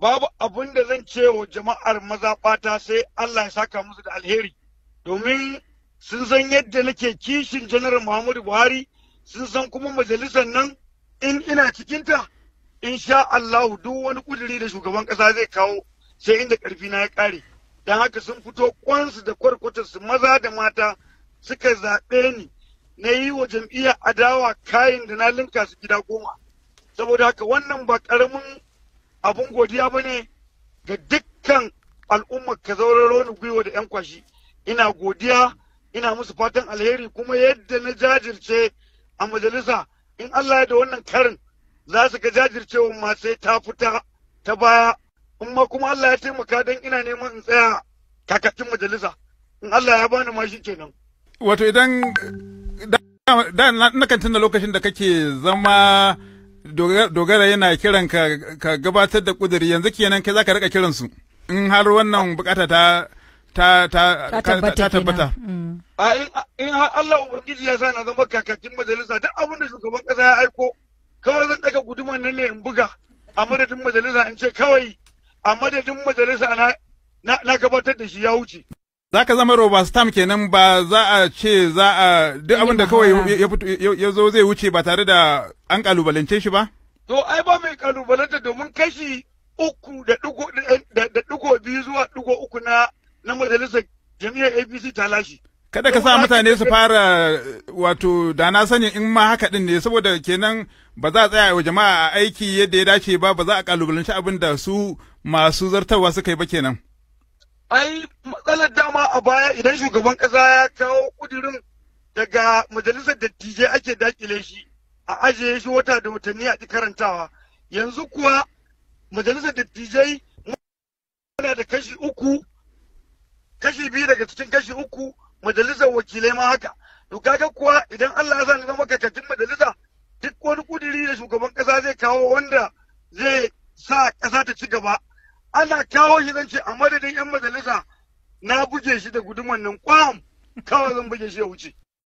babu abin da zan ce wa jama'ar maza mazaɓata sai Allah ya saka musu da alheri domin sun san yadda nake kishin Janaral Muhammadu Buhari sun san kuma majalisar nan in ina cikinta sha Allahu duk wani kuduri da shugaban ƙasa zai kawo sai inda ƙarfi na ya ƙare don haka sun fito kwansu da kwarkwatarsu maza da mata suka zaɓe ni na yi wa jam'iyyar adawa kayan da na linka su gida goma saboda haka wannan ba ƙaramin abun godiya ba ne ga dukkan al'ummar ka zauraro ni gwiwa da 'yan kwashi ina godiya ina musu fatan alheri kuma yadda na jajirce a majalisa in Allah ya da wannan karin za su ga jajircewa ma sai ta fita ta baya amma kuma Allah ya taimaka don ina neman in tsaya kakakin majalisa in Allah ya bani mashi kenan wato idan da na kan da lokacin da kake zama dogara yana kiran ka gabatar da kuduri yanzu kenan kai zaka rika kiran su in har wannan bukata ta ta ta ta tabbata mm. in har Allah ubangiji ya sa na zama kakakin majalisa duk abin da shugaban kasa ya aiko kawai zan daga guduman nan ne in buga a madadin majalisa in ce kawai a madadin majalisa na gabatar da shi ya wuce za ka zama roba stam kenan ba za a ce za a duk abin da kawai ya zo zai wuce ba tare da an kalubalance shi ba? To ai ba mai kalubalanta domin kashi uku da dugo biyu zuwa dugo uku na na majalisar jami'ar APC ta lashe. Kada ka sa mutane su fara wato da na sani in ma haka din ne saboda kenan ba za a tsaya wa jama'a a aiki yadda ya dace ba ba za a kalubalance abin da su masu zartarwa suka yi ba kenan. Ai matsalar dama a baya idan shugaban kasa ya kawo kudirin daga majalisar dattijai ake dakile shi a ajiye shi wata da watanni a karantawa yanzu kuwa majalisar dattijai yana da kashi uku kashi biyu daga cikin kashi uku majalisar wakilai ma haka to kaga kuwa idan Allah ya sani zama kakatin majalisa duk wani kudiri da shugaban kasa zai kawo wanda zai sa kasa ta ci gaba ana kawo shi zance a madadin yan majalisa na buge shi da guduman nan kwam kawai zan buge shi ya wuce